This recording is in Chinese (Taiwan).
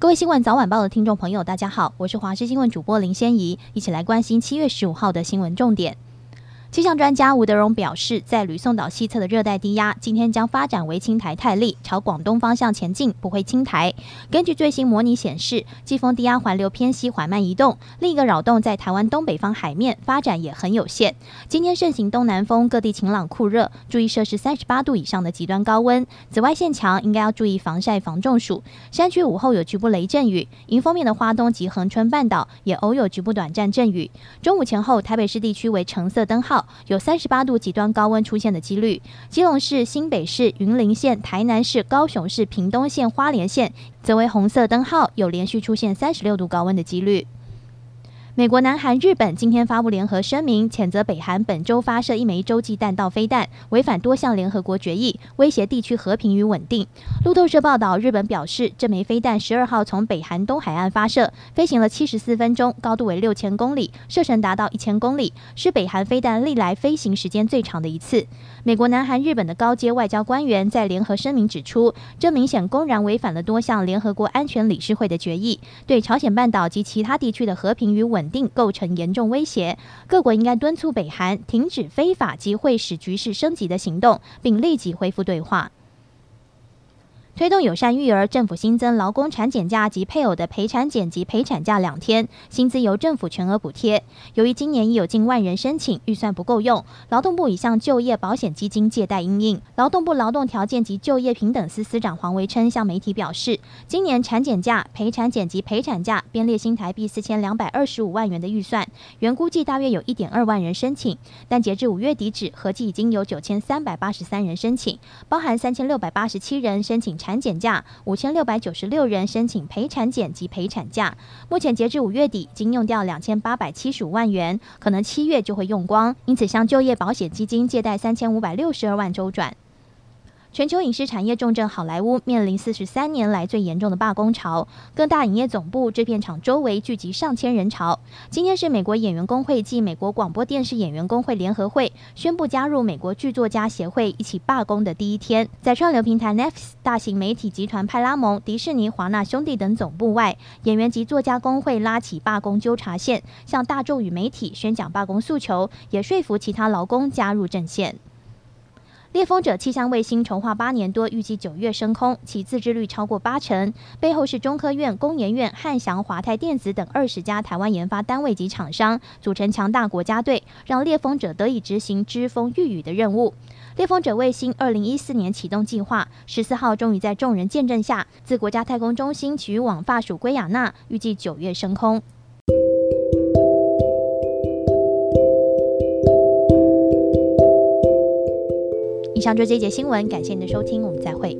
各位新聞早晚報的聽眾朋友，大家好，我是華視新聞主播林仙怡，一起來關心七月十五號的新聞重點。氣象專家吳德榮表示，在呂宋島西側的熱帶低壓今天將發展為輕颱泰利，朝廣東方向前進，不會輕颱。根據最新模擬顯示，季風低壓環流偏西緩慢移動，另一個擾動在台灣東北方海面發展也很有限。今天盛行東南風，各地晴朗酷熱，注意攝氏三十八度以上的極端高溫，紫外線強，應該要注意防曬防中暑。山區午後有局部雷陣雨，迎風面的花東及恆春半島也偶有局部短暫陣雨。中午前後，台北市地區為橙色燈號，有三十八度極端高溫出現的幾率，基隆市、新北市、雲林縣、台南市、高雄市、屏東縣、花蓮縣則為紅色燈號，有連續出現三十六度高溫的幾率。美國、南韓、日本今天發布聯合聲明，譴責北韓本周發射一枚洲際彈道飛彈，違反多項聯合國決議，威脅地區和平與穩定。路透社報道，日本表示，這枚飛彈十二號從北韓東海岸發射，飛行了七十四分鐘，高度為六千公里，射程達到一千公里，是北韓飛彈歷來飛行時間最長的一次。美國、南韓、日本的高階外交官員在聯合聲明指出，這明顯公然違反了多項聯合國安全理事會的決議，對朝鮮半島及其他地區的和平與穩定構成嚴重威脅，各國應該敦促北韓停止非法及可能使局勢升級的行動，並立即恢復對話。推動友善育兒，政府新增勞工產檢假及配偶的陪產檢及陪產假兩天，薪資由政府全額補貼。由於今年已有近萬人申請，預算不夠用，勞動部已向就業保險基金借貸因應。勞動部勞動條件及就業平等司司長黃維琛，向媒體表示，今年產檢假、陪產檢及陪產假編列新台幣四千兩百二十五萬元的預算，原估計大約有一點二萬人申請，但截至五月底止，合計已經有九千三百八十三人申請，包含三千六百八十七人申請產。產檢假，五千六百九十六人申請陪產檢及陪產假。目前截至五月底，已經用掉兩千八百七十五萬元，可能七月就會用光，因此向就業保險基金借貸三千五百六十二萬週轉。全球影視產業重鎮好萊塢面臨四十三年來最嚴重的罷工潮，各大影業總部、制片廠周圍聚集上千人潮。今天是美國演員工會暨美國廣播電視演員工會聯合會宣布加入美國劇作家協會一起罷工的第一天，在串流平台 Netflix、大型媒體集團派拉蒙、迪士尼、華納兄弟等總部外，演員及作家工會拉起罷工糾察線，向大眾與媒體宣講罷工訴求，也說服其他勞工加入陣線。獵風者氣象衛星籌劃八年多，預計九月升空，其自制率超過八成，背後是中科院、工研院、漢翔、華泰電子等二十家台灣研發單位及廠商組成強大國家隊，讓獵風者得以執行知風御雨的任務。獵風者衛星二零一四年啟動計劃，十四號終於在眾人見證下，自國家太空中心啟運法屬圭亞那，預計九月升空。以上就是這一節新聞，感謝您的收聽，我們再會。